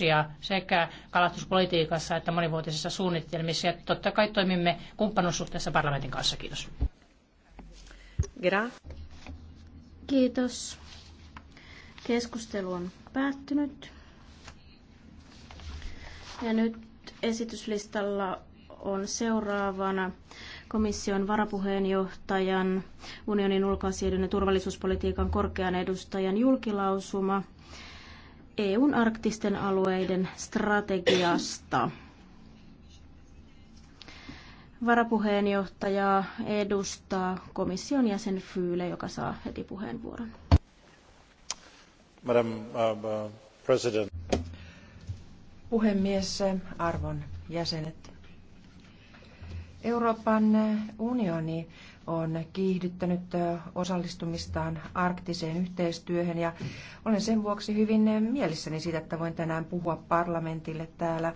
linjauksia sekä kalastuspolitiikassa että monivuotisissa suunnitelmissa. Ja totta kai toimimme kumppanuussuhteessa parlamentin kanssa. Kiitos. Kiitos. Keskustelu on päättynyt. Ja nyt esityslistalla on seuraavana komission varapuheenjohtajan, unionin ulkoasioiden ja turvallisuuspolitiikan korkean edustajan julkilausuma – EUn arktisten alueiden strategiasta. Varapuheenjohtajaa edustaa komission jäsen Fyyle, joka saa heti puheenvuoron. Madam uh, uh President. Puhemies, arvon jäsenet. Euroopan unioni on kiihdyttänyt osallistumistaan arktiseen yhteistyöhön ja olen sen vuoksi hyvin mielissäni siitä, että voin tänään puhua parlamentille täällä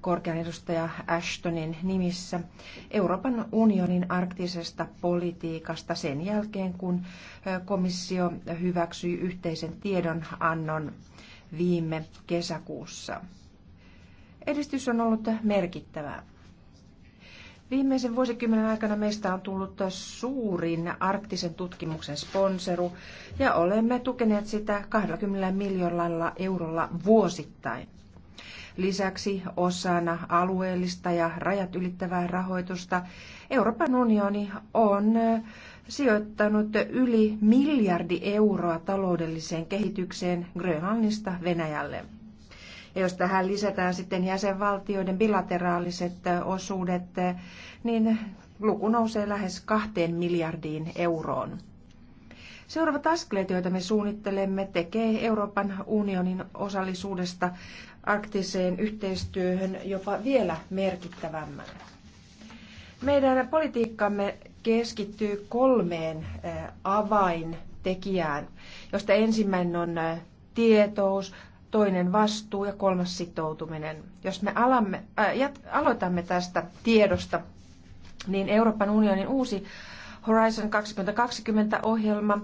korkean edustaja Ashtonin nimissä Euroopan unionin arktisesta politiikasta sen jälkeen, kun komissio hyväksyi yhteisen tiedonannon viime kesäkuussa. Edistys on ollut merkittävää. Viimeisen vuosikymmenen aikana meistä on tullut suurin arktisen tutkimuksen sponsoru ja olemme tukeneet sitä 20 miljoonalla eurolla vuosittain. Lisäksi osana alueellista ja rajat ylittävää rahoitusta Euroopan unioni on sijoittanut yli miljardi euroa taloudelliseen kehitykseen Grönlannista Venäjälle. Ja jos tähän lisätään sitten jäsenvaltioiden bilateraaliset osuudet, niin luku nousee lähes kahteen miljardiin euroon. Seuraavat askeleet, joita me suunnittelemme, tekee Euroopan unionin osallisuudesta arktiseen yhteistyöhön jopa vielä merkittävämmän. Meidän politiikkamme keskittyy kolmeen avaintekijään, josta ensimmäinen on tietous, toinen vastuu ja kolmas sitoutuminen. Jos me alamme, äh, jat, aloitamme tästä tiedosta, niin Euroopan unionin uusi Horizon 2020-ohjelma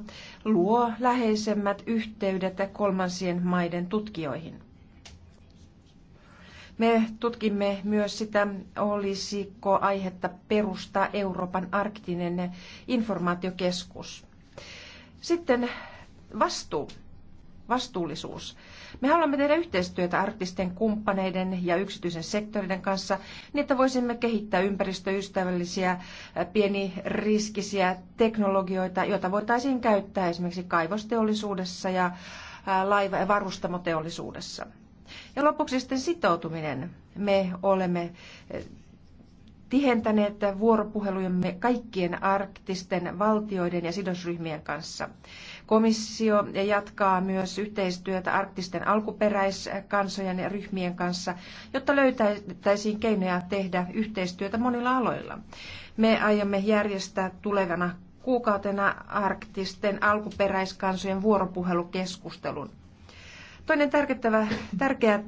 luo läheisemmät yhteydet kolmansien maiden tutkijoihin. Me tutkimme myös sitä, olisiko aihetta perustaa Euroopan arktinen informaatiokeskus. Sitten vastuu, vastuullisuus. Me haluamme tehdä yhteistyötä artisten kumppaneiden ja yksityisen sektorin kanssa, niin että voisimme kehittää ympäristöystävällisiä, pieniriskisiä teknologioita, joita voitaisiin käyttää esimerkiksi kaivosteollisuudessa ja laiva- ja varustamoteollisuudessa. Ja lopuksi sitten sitoutuminen. Me olemme tihentäneet vuoropuhelujemme kaikkien arktisten valtioiden ja sidosryhmien kanssa. Komissio jatkaa myös yhteistyötä arktisten alkuperäiskansojen ja ryhmien kanssa, jotta löytäisiin keinoja tehdä yhteistyötä monilla aloilla. Me aiomme järjestää tulevana kuukautena arktisten alkuperäiskansojen vuoropuhelukeskustelun. Toinen tärkeä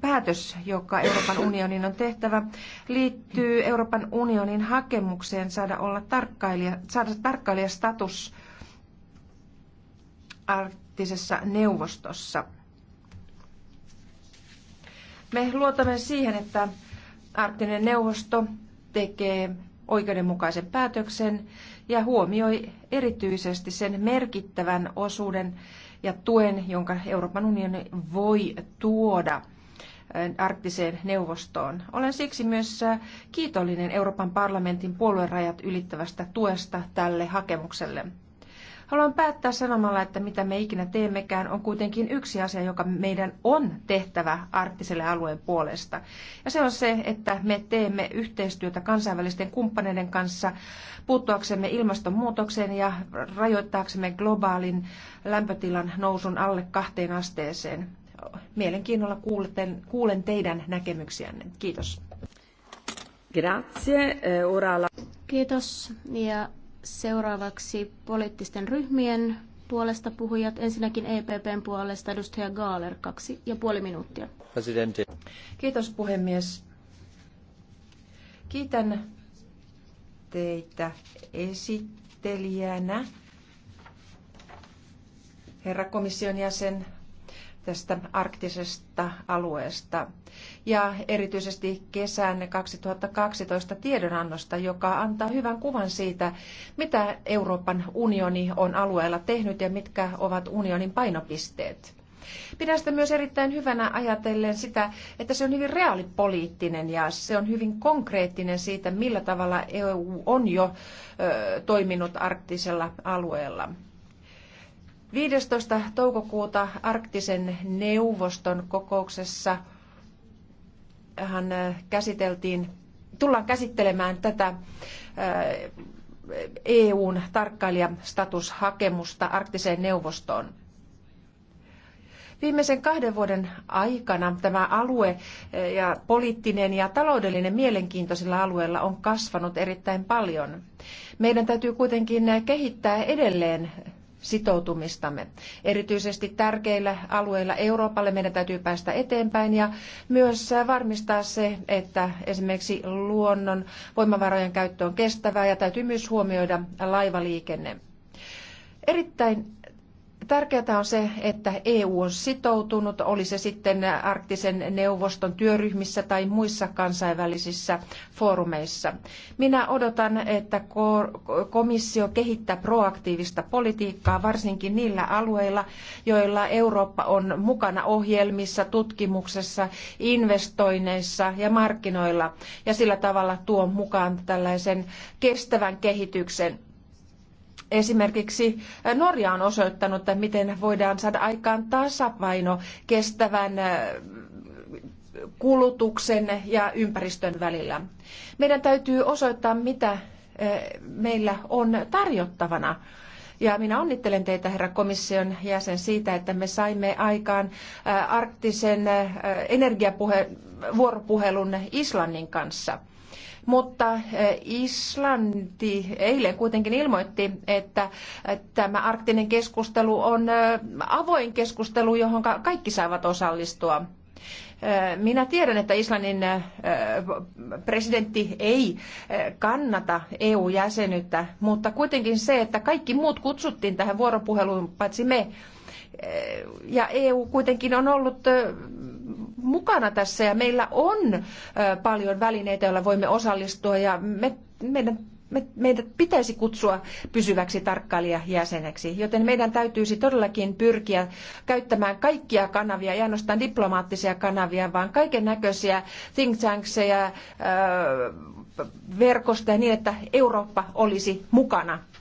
päätös, joka Euroopan unionin on tehtävä, liittyy Euroopan unionin hakemukseen saada, olla tarkkailija, saada tarkkailijastatus arktisessa neuvostossa. Me luotamme siihen, että arktinen neuvosto tekee oikeudenmukaisen päätöksen ja huomioi erityisesti sen merkittävän osuuden ja tuen, jonka Euroopan unioni voi tuoda äh, arktiseen neuvostoon. Olen siksi myös äh, kiitollinen Euroopan parlamentin puoluerajat ylittävästä tuesta tälle hakemukselle. Haluan päättää sanomalla, että mitä me ikinä teemmekään, on kuitenkin yksi asia, joka meidän on tehtävä arktiselle alueen puolesta. Ja se on se, että me teemme yhteistyötä kansainvälisten kumppaneiden kanssa puuttuaksemme ilmastonmuutokseen ja rajoittaaksemme globaalin lämpötilan nousun alle kahteen asteeseen. Mielenkiinnolla kuulen, kuulen teidän näkemyksiänne. Kiitos. Grazie. Eh, ora la... Kiitos. Ja Seuraavaksi poliittisten ryhmien puolesta puhujat. Ensinnäkin EPPn puolesta edustaja Gaaler, kaksi ja puoli minuuttia. Presidentti. Kiitos puhemies. Kiitän teitä esittelijänä, herra komission jäsen, tästä arktisesta alueesta ja erityisesti kesän 2012 tiedonannosta, joka antaa hyvän kuvan siitä, mitä Euroopan unioni on alueella tehnyt ja mitkä ovat unionin painopisteet. Pidän sitä myös erittäin hyvänä ajatellen sitä, että se on hyvin reaalipoliittinen ja se on hyvin konkreettinen siitä, millä tavalla EU on jo toiminut arktisella alueella. 15. toukokuuta arktisen neuvoston kokouksessa hän äh, käsiteltiin, tullaan käsittelemään tätä äh, EUn tarkkailijastatushakemusta arktiseen neuvostoon. Viimeisen kahden vuoden aikana tämä alue äh, ja poliittinen ja taloudellinen mielenkiinto sillä alueella on kasvanut erittäin paljon. Meidän täytyy kuitenkin kehittää edelleen sitoutumistamme. Erityisesti tärkeillä alueilla Euroopalle meidän täytyy päästä eteenpäin ja myös varmistaa se, että esimerkiksi luonnon voimavarojen käyttö on kestävää ja täytyy myös huomioida laivaliikenne. Erittäin Tärkeää on se, että EU on sitoutunut, oli se sitten arktisen neuvoston työryhmissä tai muissa kansainvälisissä foorumeissa. Minä odotan, että komissio kehittää proaktiivista politiikkaa varsinkin niillä alueilla, joilla Eurooppa on mukana ohjelmissa, tutkimuksessa, investoinneissa ja markkinoilla ja sillä tavalla tuo mukaan tällaisen kestävän kehityksen Esimerkiksi Norja on osoittanut, että miten voidaan saada aikaan tasapaino kestävän kulutuksen ja ympäristön välillä. Meidän täytyy osoittaa, mitä meillä on tarjottavana. Ja minä onnittelen teitä, herra komission jäsen, siitä, että me saimme aikaan arktisen energiavuoropuhelun Islannin kanssa. Mutta eh, Islanti eilen kuitenkin ilmoitti, että eh, tämä arktinen keskustelu on eh, avoin keskustelu, johon kaikki saavat osallistua. Minä tiedän, että Islannin presidentti ei kannata EU-jäsenyyttä, mutta kuitenkin se, että kaikki muut kutsuttiin tähän vuoropuheluun, paitsi me, ja EU kuitenkin on ollut mukana tässä ja meillä on paljon välineitä, joilla voimme osallistua ja me, meidän me, meidät pitäisi kutsua pysyväksi tarkkailijajäseneksi, joten meidän täytyisi todellakin pyrkiä käyttämään kaikkia kanavia, ei ainoastaan diplomaattisia kanavia, vaan kaiken näköisiä think tankseja, verkostoja niin, että Eurooppa olisi mukana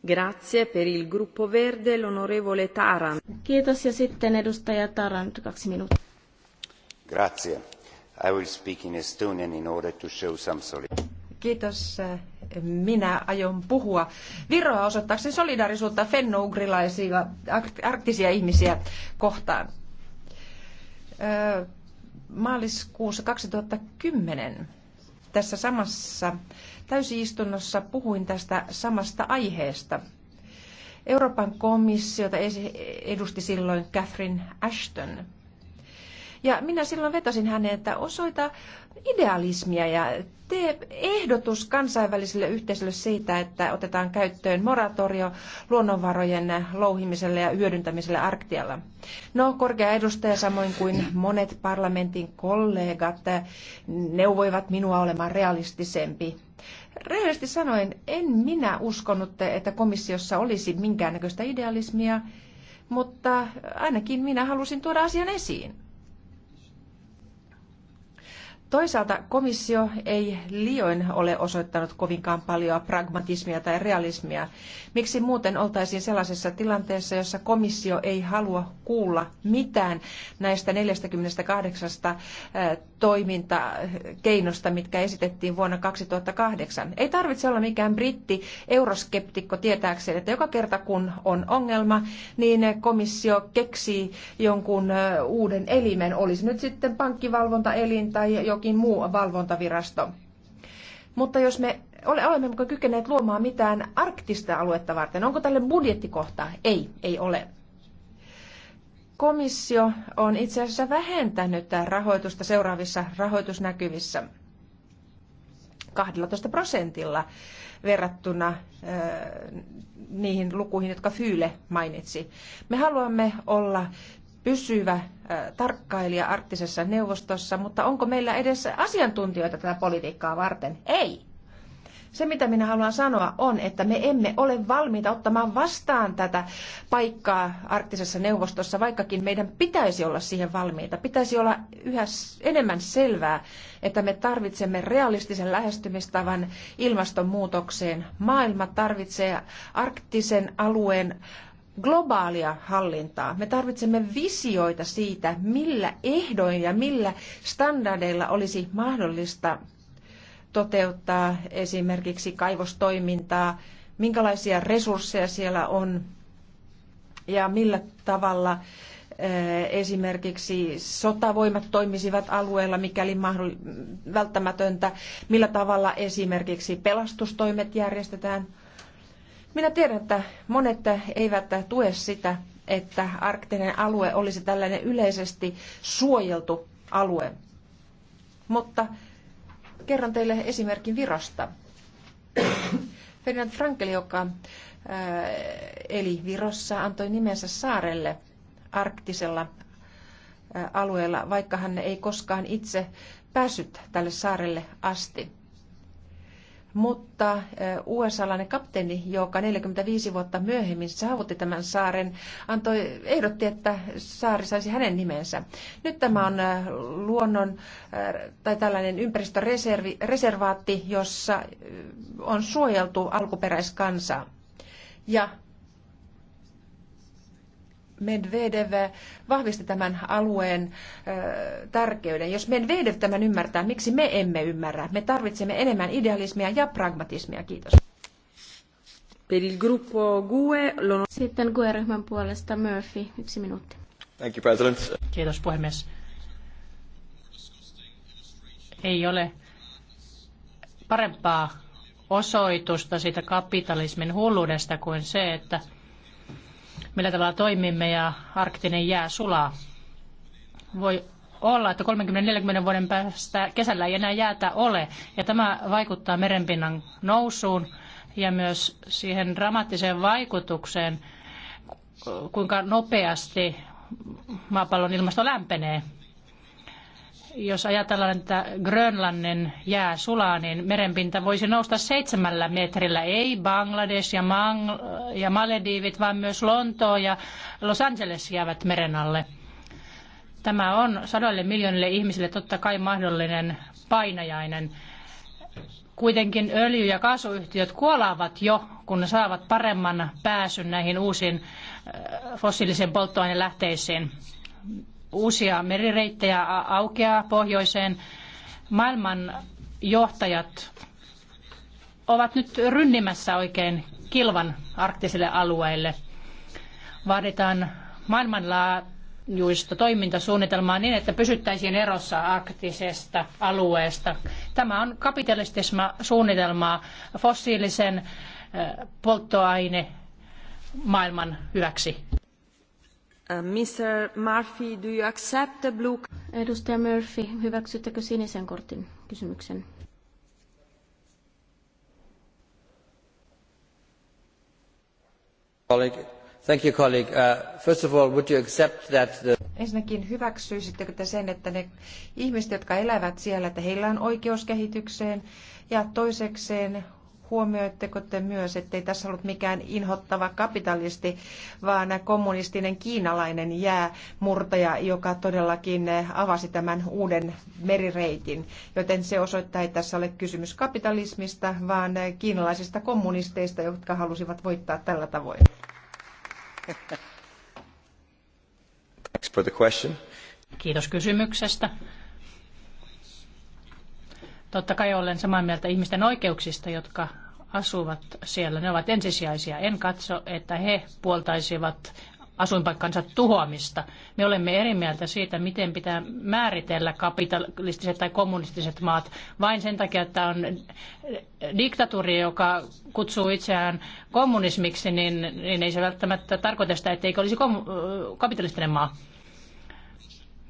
Grazie per il gruppo verde, l'onorevole Kiitos ja sitten edustaja kaksi minuuttia. Grazie. I will speak in Estonian in order to show some solidarity. Kiitos. Minä aion puhua Viroa osoittaakseni solidarisuutta fennougrilaisia arktisia ihmisiä kohtaan. Maaliskuussa 2010 tässä samassa täysistunnossa puhuin tästä samasta aiheesta. Euroopan komissiota edusti silloin Catherine Ashton. Ja minä silloin vetosin häneen, että osoita idealismia ja tee ehdotus kansainväliselle yhteisölle siitä, että otetaan käyttöön moratorio luonnonvarojen louhimiselle ja hyödyntämiselle Arktialla. No, korkea edustaja samoin kuin monet parlamentin kollegat neuvoivat minua olemaan realistisempi Rehellisesti sanoen, en minä uskonut, että komissiossa olisi minkäännäköistä idealismia, mutta ainakin minä halusin tuoda asian esiin. Toisaalta komissio ei liioin ole osoittanut kovinkaan paljon pragmatismia tai realismia. Miksi muuten oltaisiin sellaisessa tilanteessa, jossa komissio ei halua kuulla mitään näistä 48 toimintakeinosta, mitkä esitettiin vuonna 2008? Ei tarvitse olla mikään britti euroskeptikko tietääkseen, että joka kerta kun on ongelma, niin komissio keksii jonkun uuden elimen. Olisi nyt sitten pankkivalvontaelin tai joku jokin muu valvontavirasto. Mutta jos me ole olemmeko kykeneet luomaan mitään arktista aluetta varten, onko tälle budjettikohta? Ei, ei ole. Komissio on itse asiassa vähentänyt rahoitusta seuraavissa rahoitusnäkyvissä 12 prosentilla verrattuna niihin lukuihin, jotka Fyyle mainitsi. Me haluamme olla pysyvä äh, tarkkailija arktisessa neuvostossa, mutta onko meillä edes asiantuntijoita tätä politiikkaa varten? Ei. Se, mitä minä haluan sanoa, on, että me emme ole valmiita ottamaan vastaan tätä paikkaa arktisessa neuvostossa, vaikkakin meidän pitäisi olla siihen valmiita. Pitäisi olla yhä enemmän selvää, että me tarvitsemme realistisen lähestymistavan ilmastonmuutokseen. Maailma tarvitsee arktisen alueen äh, globaalia hallintaa. Me tarvitsemme visioita siitä, millä ehdoin ja millä standardeilla olisi mahdollista toteuttaa esimerkiksi kaivostoimintaa, minkälaisia resursseja siellä on ja millä tavalla eh, esimerkiksi sotavoimat toimisivat alueella, mikäli mahdoll- välttämätöntä, millä tavalla esimerkiksi pelastustoimet järjestetään – minä tiedän, että monet eivät tue sitä, että arktinen alue olisi tällainen yleisesti suojeltu alue. Mutta kerron teille esimerkin Virosta. Ferdinand Frankel, joka äh, eli Virossa, antoi nimensä saarelle arktisella äh, alueella, vaikka hän ei koskaan itse päässyt tälle saarelle asti mutta eh, USA-lainen kapteeni, joka 45 vuotta myöhemmin saavutti tämän saaren, antoi, ehdotti, että saari saisi hänen nimensä. Nyt tämä on eh, luonnon eh, tai tällainen ympäristöreservaatti, jossa on suojeltu alkuperäiskansaa. Ja Medvedev vahvisti tämän alueen ö, tärkeyden. Jos Medvedev tämän ymmärtää, miksi me emme ymmärrä? Me tarvitsemme enemmän idealismia ja pragmatismia. Kiitos. Per il gruppo GUE, Sitten GUE-ryhmän puolesta Murphy, yksi minuutti. Thank you, President. Kiitos puhemies. Ei ole parempaa osoitusta siitä kapitalismin hulluudesta kuin se, että – millä tavalla toimimme ja arktinen jää sulaa. Voi olla, että 30-40 vuoden päästä kesällä ei enää jäätä ole, ja tämä vaikuttaa merenpinnan nousuun ja myös siihen dramaattiseen vaikutukseen, kuinka nopeasti maapallon ilmasto lämpenee jos ajatellaan, että Grönlannin jää sulaa, niin merenpinta voisi nousta seitsemällä metrillä. Ei Bangladesh ja, Mang- ja Malediivit, vaan myös Lontoo ja Los Angeles jäävät meren alle. Tämä on sadoille miljoonille ihmisille totta kai mahdollinen painajainen. Kuitenkin öljy- ja kaasuyhtiöt kuolaavat jo, kun ne saavat paremman pääsyn näihin uusiin äh, fossiilisiin polttoainelähteisiin uusia merireittejä aukeaa pohjoiseen. Maailman johtajat ovat nyt rynnimässä oikein kilvan arktisille alueille. Vaaditaan maailmanlaajuista toimintasuunnitelmaa niin, että pysyttäisiin erossa arktisesta alueesta. Tämä on kapitalistisma suunnitelmaa fossiilisen eh, polttoaine maailman hyväksi. Uh, Mr. Murphy, Edustaja Murphy, hyväksyttekö sinisen kortin kysymyksen? thank you, colleague. Uh, first of all, would you accept that the... Ensinnäkin hyväksyisittekö te sen, että ne ihmiset, jotka elävät siellä, että heillä on oikeus kehitykseen, ja toisekseen, Huomioitteko te myös, ettei tässä ollut mikään inhottava kapitalisti, vaan kommunistinen kiinalainen jäämurtaja, joka todellakin avasi tämän uuden merireitin. Joten se osoittaa, että tässä ole kysymys kapitalismista, vaan kiinalaisista kommunisteista, jotka halusivat voittaa tällä tavoin. Kiitos kysymyksestä. Totta kai olen samaa mieltä ihmisten oikeuksista, jotka asuvat siellä. Ne ovat ensisijaisia. En katso, että he puoltaisivat asuinpaikkansa tuhoamista. Me olemme eri mieltä siitä, miten pitää määritellä kapitalistiset tai kommunistiset maat vain sen takia, että on diktatuuri, joka kutsuu itseään kommunismiksi, niin, niin ei se välttämättä tarkoita sitä, etteikö olisi kom- kapitalistinen maa.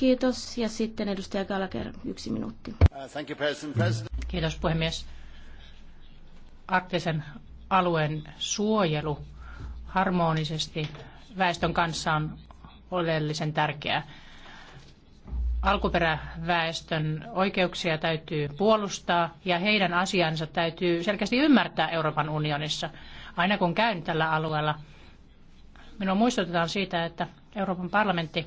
Kiitos. Ja sitten edustaja Gallagher, yksi minuutti. Kiitos puhemies. Arktisen alueen suojelu harmonisesti väestön kanssa on oleellisen tärkeää. Alkuperäväestön oikeuksia täytyy puolustaa ja heidän asiansa täytyy selkeästi ymmärtää Euroopan unionissa. Aina kun käyn tällä alueella, minua muistutetaan siitä, että Euroopan parlamentti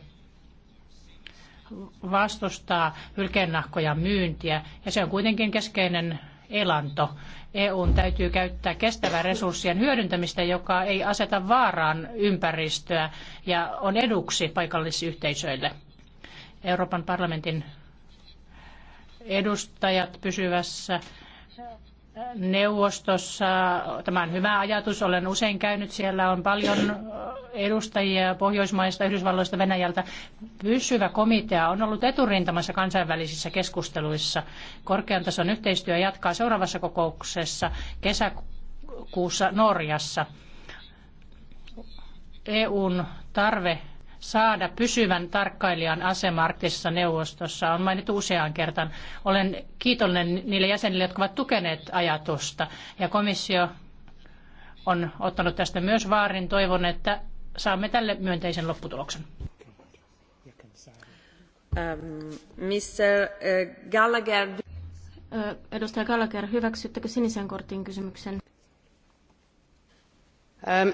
vastustaa hylkeennahkoja myyntiä ja se on kuitenkin keskeinen elanto. EUn täytyy käyttää kestävää resurssien hyödyntämistä, joka ei aseta vaaraan ympäristöä ja on eduksi paikallisyhteisöille. Euroopan parlamentin edustajat pysyvässä neuvostossa. Tämä on hyvä ajatus, olen usein käynyt siellä, on paljon edustajia Pohjoismaista, Yhdysvalloista, Venäjältä. Pysyvä komitea on ollut eturintamassa kansainvälisissä keskusteluissa. Korkean tason yhteistyö jatkaa seuraavassa kokouksessa kesäkuussa Norjassa. EUn tarve saada pysyvän tarkkailijan asema arktisessa neuvostossa on mainittu useaan kertaan. Olen kiitollinen niille jäsenille, jotka ovat tukeneet ajatusta ja komissio on ottanut tästä myös vaarin. Toivon, että saamme tälle myönteisen lopputuloksen. Mr. Ähm, äh, Gallagher. Äh, edustaja Gallagher, hyväksyttekö sinisen kortin kysymyksen? Um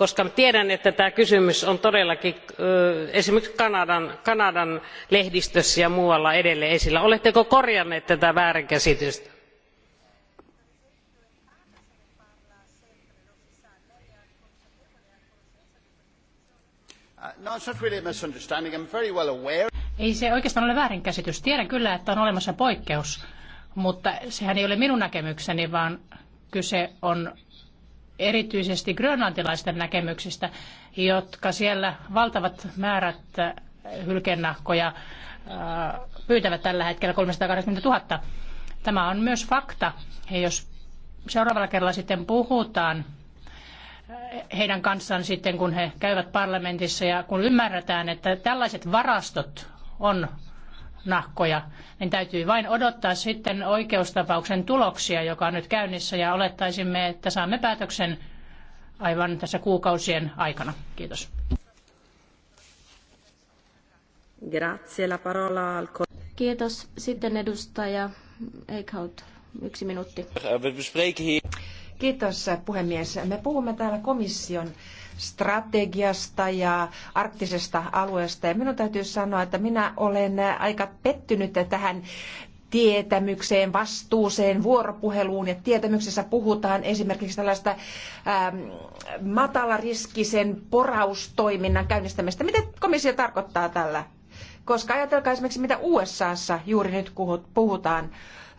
koska tiedän että tämä kysymys on todellakin esimerkiksi kanadan lehdistössä ja muualla edelleen esillä. oletteko korjannut tätä väärinkäsitystä? Uh, no, ei se oikeastaan ole väärinkäsitys. Tiedän kyllä, että on olemassa poikkeus, mutta sehän ei ole minun näkemykseni, vaan kyse on erityisesti grönlantilaisten näkemyksistä, jotka siellä valtavat määrät äh, hylkennahkoja äh, pyytävät tällä hetkellä 380 000. Tämä on myös fakta. Ja jos seuraavalla kerralla sitten puhutaan äh, heidän kanssaan sitten, kun he käyvät parlamentissa ja kun ymmärretään, että tällaiset varastot on nahkoja, niin täytyy vain odottaa sitten oikeustapauksen tuloksia, joka on nyt käynnissä, ja olettaisimme, että saamme päätöksen aivan tässä kuukausien aikana. Kiitos. Grazie, la parola Kiitos. Sitten edustaja Eichhout, yksi minuutti. Kiitos puhemies. Me puhumme täällä komission strategiasta ja arktisesta alueesta. Ja minun täytyy sanoa, että minä olen aika pettynyt tähän tietämykseen, vastuuseen, vuoropuheluun ja tietämyksessä puhutaan esimerkiksi tällaista ähm, matalariskisen poraustoiminnan käynnistämistä. Mitä komissio tarkoittaa tällä? Koska ajatelkaa esimerkiksi, mitä USAssa juuri nyt puhutaan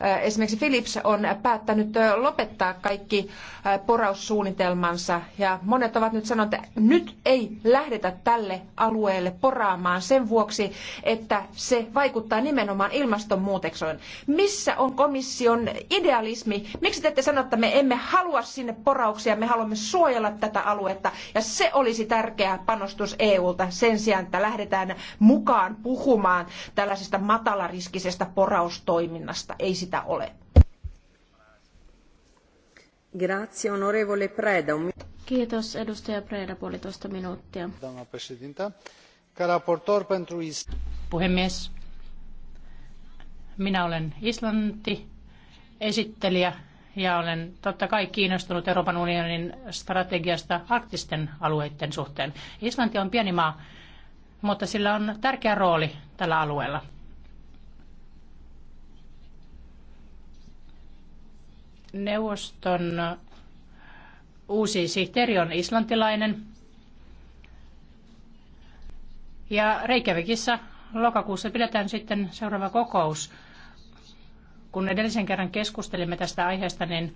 Äh, esimerkiksi Philips on päättänyt äh, lopettaa kaikki äh, poraussuunnitelmansa ja monet ovat nyt sanoneet, että nyt ei lähdetä tälle alueelle poraamaan sen vuoksi, että se vaikuttaa nimenomaan ilmastonmuutokseen. Missä on komission idealismi? Miksi te ette sano, että me emme halua sinne porauksia, me haluamme suojella tätä aluetta ja se olisi tärkeä panostus EUlta sen sijaan, että lähdetään mukaan puhumaan tällaisesta matalariskisestä poraustoiminnasta. Ei sitä sitä ole. Grazie, onorevole Preda. Kiitos, edustaja Preda, puolitoista minuuttia. Puhemies, minä olen Islanti esittelijä ja olen totta kai kiinnostunut Euroopan unionin strategiasta arktisten alueiden suhteen. Islanti on pieni maa, mutta sillä on tärkeä rooli tällä alueella. Neuvoston uusi sihteeri on islantilainen. Ja Reykjavikissa lokakuussa pidetään sitten seuraava kokous. Kun edellisen kerran keskustelimme tästä aiheesta, niin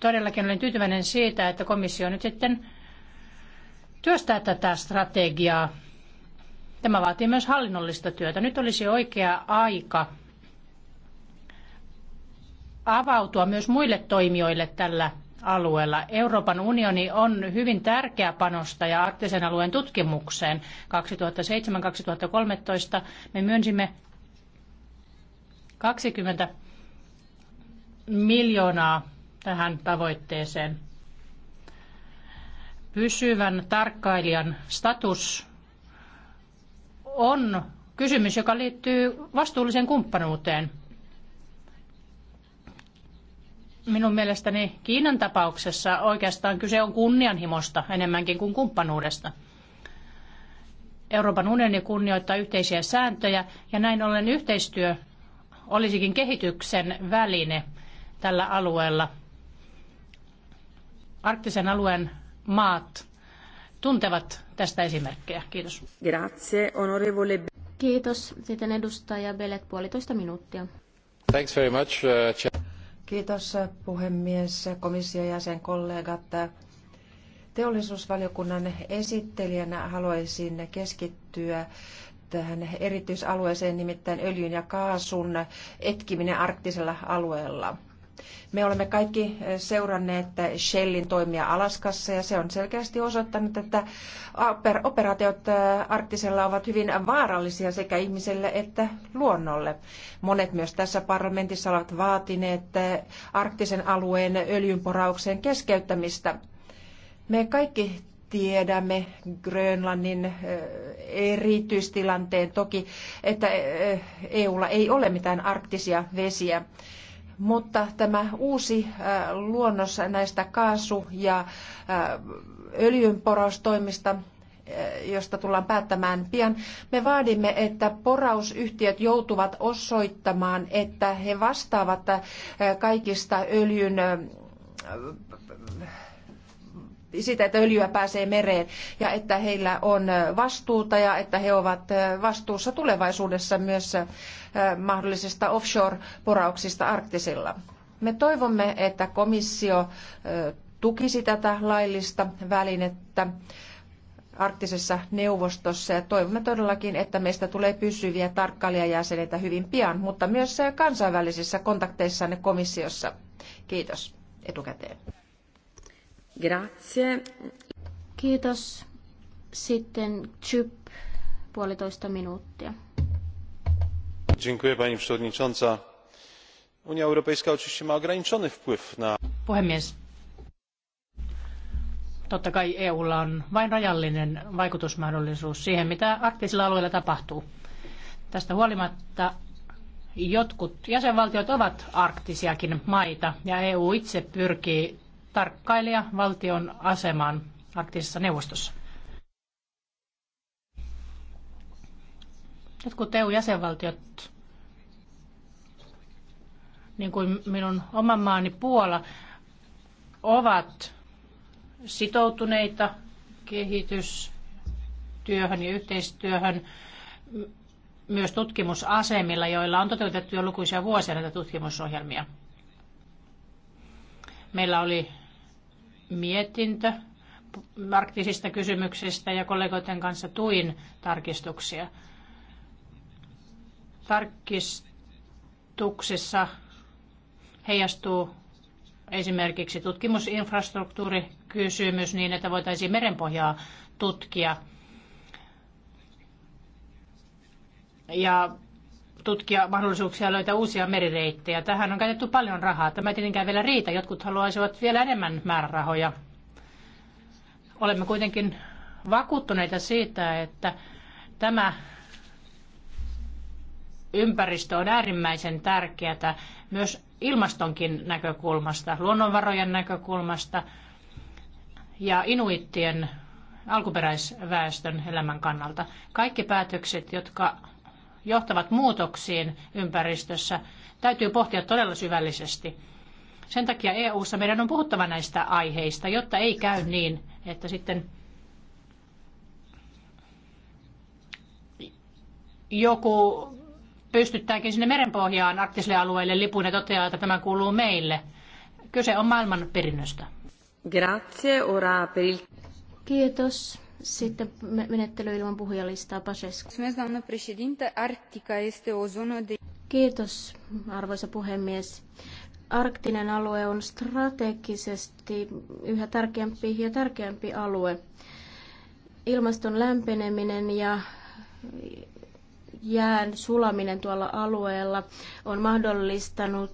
todellakin olen tyytyväinen siitä, että komissio nyt sitten työstää tätä strategiaa. Tämä vaatii myös hallinnollista työtä. Nyt olisi oikea aika avautua myös muille toimijoille tällä alueella. Euroopan unioni on hyvin tärkeä panostaja arktisen alueen tutkimukseen. 2007-2013 me myönsimme 20 miljoonaa tähän tavoitteeseen. Pysyvän tarkkailijan status on kysymys, joka liittyy vastuulliseen kumppanuuteen – Minun mielestäni Kiinan tapauksessa oikeastaan kyse on kunnianhimosta enemmänkin kuin kumppanuudesta. Euroopan unioni kunnioittaa yhteisiä sääntöjä ja näin ollen yhteistyö olisikin kehityksen väline tällä alueella. Arktisen alueen maat tuntevat tästä esimerkkejä. Kiitos. Grazie, onorevole. Kiitos. Sitten edustaja Belet puolitoista minuuttia. Thanks very much, uh, Kiitos puhemies, komission jäsen, kollegat. Teollisuusvaliokunnan esittelijänä haluaisin keskittyä tähän erityisalueeseen, nimittäin öljyn ja kaasun etkiminen arktisella alueella. Me olemme kaikki eh, seuranneet eh, Shellin toimia Alaskassa ja se on selkeästi osoittanut, että eh, operaatiot arktisella ovat hyvin vaarallisia sekä ihmiselle että luonnolle. Monet myös tässä parlamentissa ovat vaatineet arktisen alueen öljynporauksen keskeyttämistä. Me kaikki tiedämme Grönlannin erityistilanteen toki, että EUlla ei ole mitään arktisia vesiä. Mutta tämä uusi äh, luonnos näistä kaasu- ja äh, öljynporaustoimista äh, josta tullaan päättämään pian. Me vaadimme, että porausyhtiöt joutuvat osoittamaan, että he vastaavat kaikista öljyn siitä, että öljyä pääsee mereen ja että heillä on vastuuta ja että he ovat vastuussa tulevaisuudessa myös mahdollisista offshore-porauksista arktisilla. Me toivomme, että komissio tukisi tätä laillista välinettä arktisessa neuvostossa ja toivomme todellakin, että meistä tulee pysyviä tarkkailijajäseneitä hyvin pian, mutta myös kansainvälisissä kontakteissanne komissiossa. Kiitos etukäteen. Grazie. Kiitos. Sitten Chyp, puolitoista minuuttia. Dziękuję pani przewodnicząca. Unia Europejska oczywiście ma ograniczony wpływ na... Puhemies. Totta kai EUlla on vain rajallinen vaikutusmahdollisuus siihen, mitä arktisilla alueilla tapahtuu. Tästä huolimatta jotkut jäsenvaltiot ovat arktisiakin maita ja EU itse pyrkii tarkkailija valtion asemaan arktisessa neuvostossa. Jotkut EU-jäsenvaltiot, niin kuin minun oman maani Puola, ovat sitoutuneita kehitystyöhön ja yhteistyöhön myös tutkimusasemilla, joilla on toteutettu jo lukuisia vuosia näitä tutkimusohjelmia. Meillä oli mietintö arktisista kysymyksistä ja kollegoiden kanssa tuin tarkistuksia. Tarkistuksessa heijastuu esimerkiksi tutkimusinfrastruktuurikysymys niin, että voitaisiin merenpohjaa tutkia. Ja tutkia mahdollisuuksia löytää uusia merireittejä. Tähän on käytetty paljon rahaa. Tämä ei tietenkään vielä riitä. Jotkut haluaisivat vielä enemmän määrärahoja. Olemme kuitenkin vakuuttuneita siitä, että tämä ympäristö on äärimmäisen tärkeää myös ilmastonkin näkökulmasta, luonnonvarojen näkökulmasta ja inuittien alkuperäisväestön elämän kannalta. Kaikki päätökset, jotka johtavat muutoksiin ympäristössä, täytyy pohtia todella syvällisesti. Sen takia EU:ssa meidän on puhuttava näistä aiheista, jotta ei käy niin, että sitten joku pystyttääkin sinne merenpohjaan arktiselle alueelle lipun ja toteaa, että tämä kuuluu meille. Kyse on maailman perinnöstä. Grazie, ora per il... Kiitos. Sitten menettely ilman puhujalistaa Kiitos, arvoisa puhemies. Arktinen alue on strategisesti yhä tärkeämpi ja tärkeämpi alue. Ilmaston lämpeneminen ja jään sulaminen tuolla alueella on mahdollistanut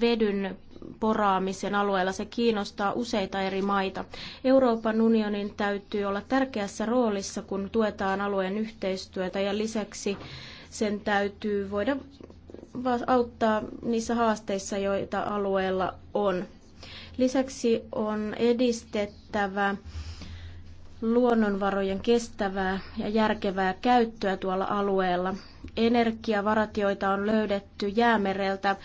vedyn poraamisen alueella. Se kiinnostaa useita eri maita. Euroopan unionin täytyy olla tärkeässä roolissa, kun tuetaan alueen yhteistyötä ja lisäksi sen täytyy voida auttaa niissä haasteissa, joita alueella on. Lisäksi on edistettävä luonnonvarojen kestävää ja järkevää käyttöä tuolla alueella. Energiavarat, joita on löydetty jäämereltä,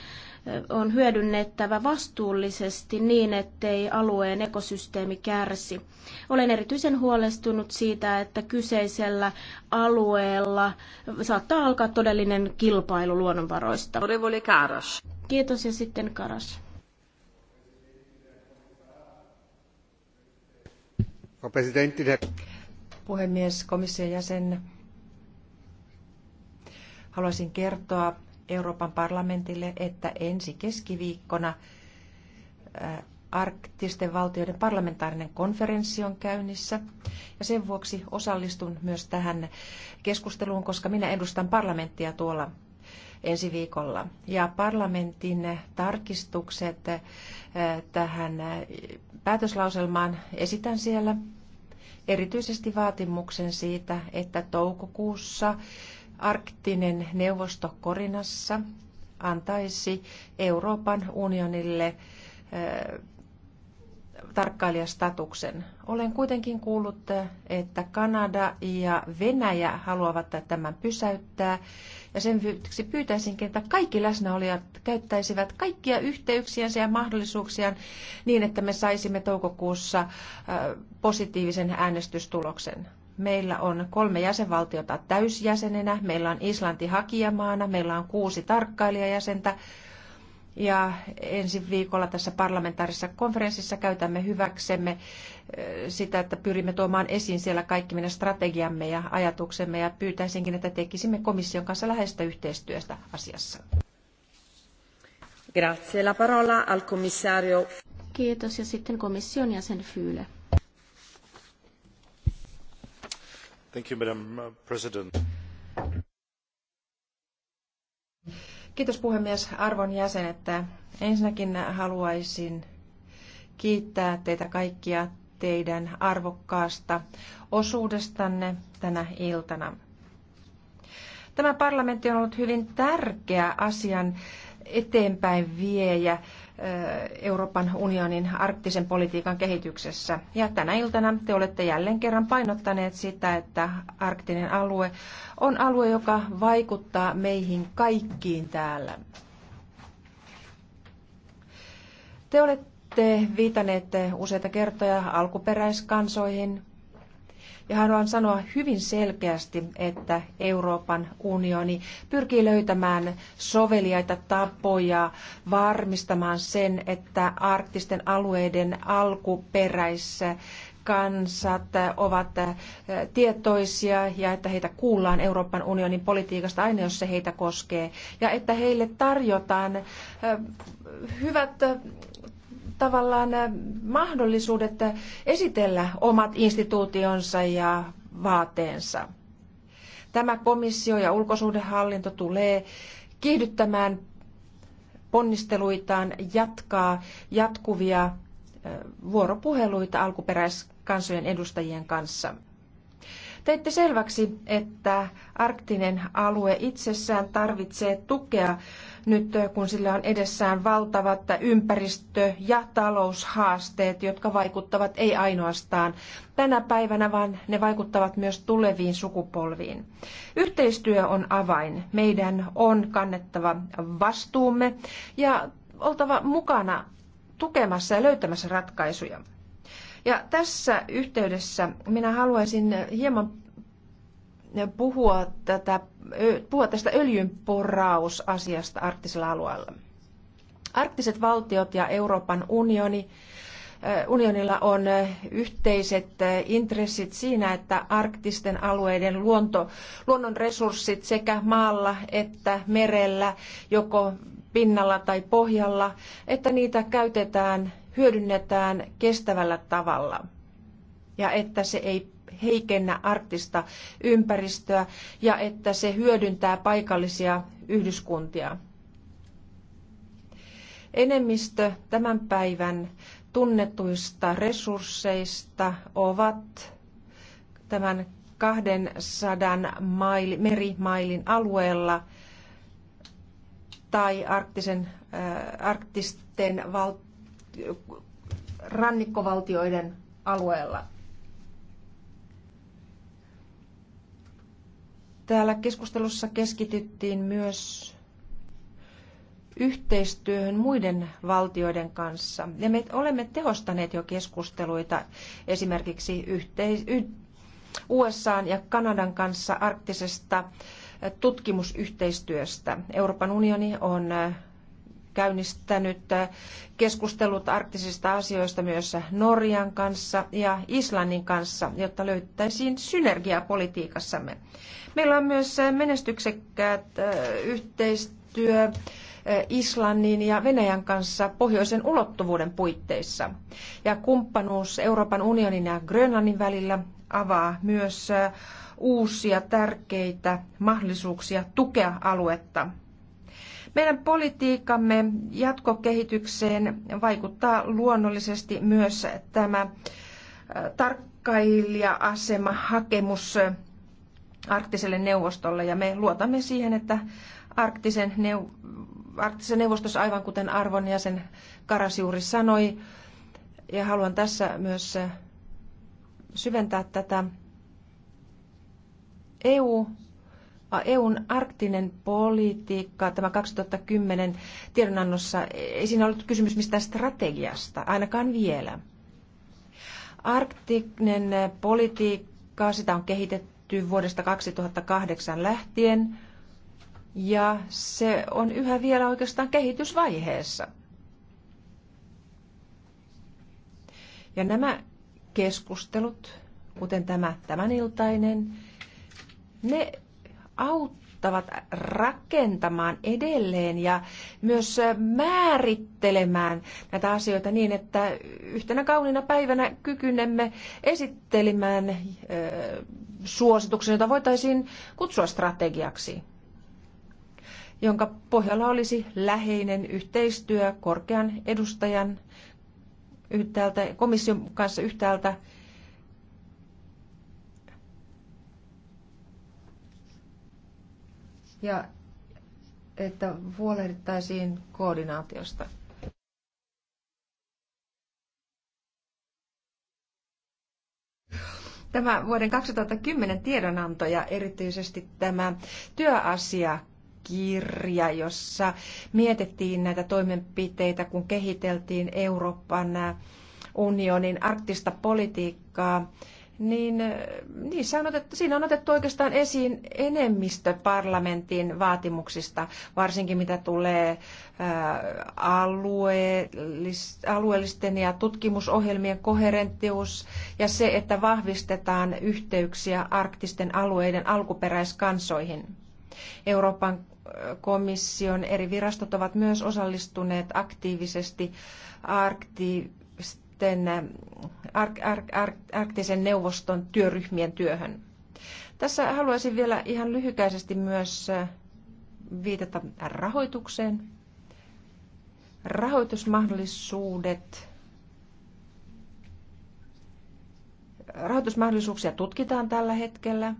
on hyödynnettävä vastuullisesti niin, ettei alueen ekosysteemi kärsi. Olen erityisen huolestunut siitä, että kyseisellä alueella saattaa alkaa todellinen kilpailu luonnonvaroista. Karas. Kiitos ja sitten Karas. Puhemies, komission jäsen. Haluaisin kertoa Euroopan parlamentille, että ensi keskiviikkona arktisten valtioiden parlamentaarinen konferenssi on käynnissä. Ja sen vuoksi osallistun myös tähän keskusteluun, koska minä edustan parlamenttia tuolla ensi viikolla. Ja parlamentin tarkistukset tähän päätöslauselmaan esitän siellä erityisesti vaatimuksen siitä, että toukokuussa Arktinen neuvosto Korinassa antaisi Euroopan unionille eh, tarkkailijastatuksen. Olen kuitenkin kuullut, että Kanada ja Venäjä haluavat tämän pysäyttää. Ja sen vuoksi pyytäisinkin, että kaikki läsnäolijat käyttäisivät kaikkia yhteyksiänsä ja mahdollisuuksiaan niin, että me saisimme toukokuussa eh, positiivisen äänestystuloksen. Meillä on kolme jäsenvaltiota täysjäsenenä, meillä on Islanti hakijamaana, meillä on kuusi tarkkailijajäsentä ja ensi viikolla tässä parlamentaarisessa konferenssissa käytämme hyväksemme eh, sitä, että pyrimme tuomaan esiin siellä kaikki meidän strategiamme ja ajatuksemme ja pyytäisinkin, että tekisimme komission kanssa läheistä yhteistyöstä asiassa. Grazie. La parola al commissario. Kiitos ja sitten komission jäsen Fyyle. Madam uh, President. Kiitos puhemies, arvon jäsenet. Ensinnäkin haluaisin kiittää teitä kaikkia teidän arvokkaasta osuudestanne tänä iltana. Tämä parlamentti on ollut hyvin tärkeä asian eteenpäin viejä Euroopan unionin arktisen politiikan kehityksessä. Ja tänä iltana te olette jälleen kerran painottaneet sitä, että arktinen alue on alue, joka vaikuttaa meihin kaikkiin täällä. Te olette viitanneet useita kertoja alkuperäiskansoihin, ja haluan sanoa hyvin selkeästi, että Euroopan unioni pyrkii löytämään soveliaita tapoja varmistamaan sen, että arktisten alueiden alkuperäissä kansat ovat eh, tietoisia ja että heitä kuullaan Euroopan unionin politiikasta aina, jos se heitä koskee. Ja että heille tarjotaan eh, hyvät tavallaan eh, mahdollisuudet eh, esitellä omat instituutionsa ja vaateensa. Tämä komissio ja ulkosuhdehallinto tulee kiihdyttämään ponnisteluitaan jatkaa jatkuvia eh, vuoropuheluita alkuperäiskansojen edustajien kanssa. Teitte selväksi, että arktinen alue itsessään tarvitsee tukea nyt kun sillä on edessään valtavat ympäristö- ja taloushaasteet, jotka vaikuttavat ei ainoastaan tänä päivänä, vaan ne vaikuttavat myös tuleviin sukupolviin. Yhteistyö on avain. Meidän on kannettava vastuumme ja oltava mukana tukemassa ja löytämässä ratkaisuja. Ja tässä yhteydessä minä haluaisin hieman puhua tätä puhua tästä öljynporausasiasta arktisella alueella. Arktiset valtiot ja Euroopan unioni unionilla on yhteiset intressit siinä, että arktisten alueiden luonto, luonnon resurssit sekä maalla että merellä, joko pinnalla tai pohjalla, että niitä käytetään, hyödynnetään kestävällä tavalla ja että se ei heikennä arktista ympäristöä ja että se hyödyntää paikallisia yhdyskuntia. Enemmistö tämän päivän tunnetuista resursseista ovat tämän 200 maili, merimailin alueella tai arktisen, äh, arktisten val, rannikkovaltioiden alueella. Täällä keskustelussa keskityttiin myös yhteistyöhön muiden valtioiden kanssa. Ja me olemme tehostaneet jo keskusteluita esimerkiksi yhteis- y- USA ja Kanadan kanssa arktisesta tutkimusyhteistyöstä. Euroopan unioni on käynnistänyt keskustelut arktisista asioista myös Norjan kanssa ja Islannin kanssa, jotta löytäisiin synergiaa politiikassamme. Meillä on myös menestyksekkäät yhteistyö Islannin ja Venäjän kanssa pohjoisen ulottuvuuden puitteissa. Ja kumppanuus Euroopan unionin ja Grönlannin välillä avaa myös uusia tärkeitä mahdollisuuksia tukea aluetta meidän politiikkamme jatkokehitykseen vaikuttaa luonnollisesti myös tämä tarkkailija-asema hakemus arktiselle neuvostolle ja me luotamme siihen, että arktisen neu- arktisessa neuvostossa, aivan kuten arvon jäsen Karas juuri sanoi, ja haluan tässä myös syventää tätä EU EUn arktinen politiikka, tämä 2010 tiedonannossa, ei siinä ollut kysymys mistään strategiasta, ainakaan vielä. Arktinen politiikka, sitä on kehitetty vuodesta 2008 lähtien, ja se on yhä vielä oikeastaan kehitysvaiheessa. Ja nämä keskustelut, kuten tämä tämän iltainen, ne auttavat rakentamaan edelleen ja myös määrittelemään näitä asioita niin, että yhtenä kauniina päivänä kykynemme esittelemään suosituksen, jota voitaisiin kutsua strategiaksi jonka pohjalla olisi läheinen yhteistyö korkean edustajan yhtäältä, komission kanssa yhtäältä ja että huolehdittaisiin koordinaatiosta. Tämä vuoden 2010 tiedonanto ja erityisesti tämä työasia kirja, jossa mietittiin näitä toimenpiteitä, kun kehiteltiin Euroopan unionin arktista politiikkaa niin äh, niissä on otettu, siinä on otettu oikeastaan esiin enemmistö parlamentin vaatimuksista, varsinkin mitä tulee äh, alueellisten ja tutkimusohjelmien koherenttius ja se, että vahvistetaan yhteyksiä arktisten alueiden alkuperäiskansoihin. Euroopan äh, komission eri virastot ovat myös osallistuneet aktiivisesti arkti sitten Ark- Ark- Ark- arktisen neuvoston työryhmien työhön. Tässä haluaisin vielä ihan lyhykäisesti myös viitata rahoitukseen. Rahoitusmahdollisuudet. Rahoitusmahdollisuuksia tutkitaan tällä hetkellä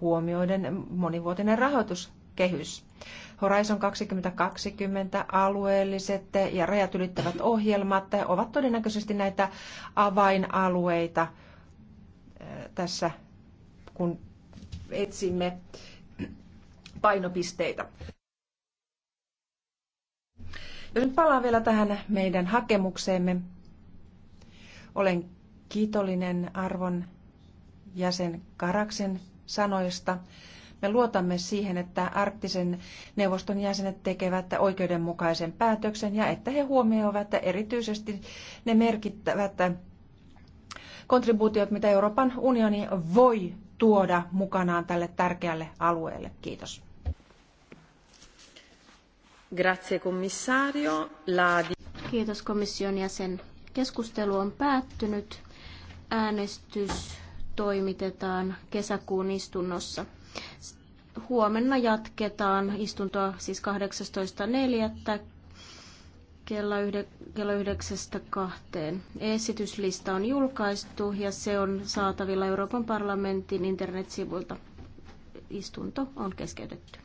huomioiden monivuotinen rahoituskehys. Horizon 2020 alueelliset ja rajat ylittävät ohjelmat ovat todennäköisesti näitä avainalueita eh, tässä, kun etsimme painopisteitä. Ja nyt palaan vielä tähän meidän hakemukseemme. Olen kiitollinen arvon jäsen Karaksen sanoista me luotamme siihen, että arktisen neuvoston jäsenet tekevät oikeudenmukaisen päätöksen ja että he huomioivat erityisesti ne merkittävät kontribuutiot, mitä Euroopan unioni voi tuoda mukanaan tälle tärkeälle alueelle. Kiitos. Grazie commissario. La... Kiitos komission jäsen. Keskustelu on päättynyt. Äänestys toimitetaan kesäkuun istunnossa. Huomenna jatketaan istuntoa siis 18.4. Kello, yhde, kello Esityslista on julkaistu ja se on saatavilla Euroopan parlamentin internetsivuilta. Istunto on keskeytetty.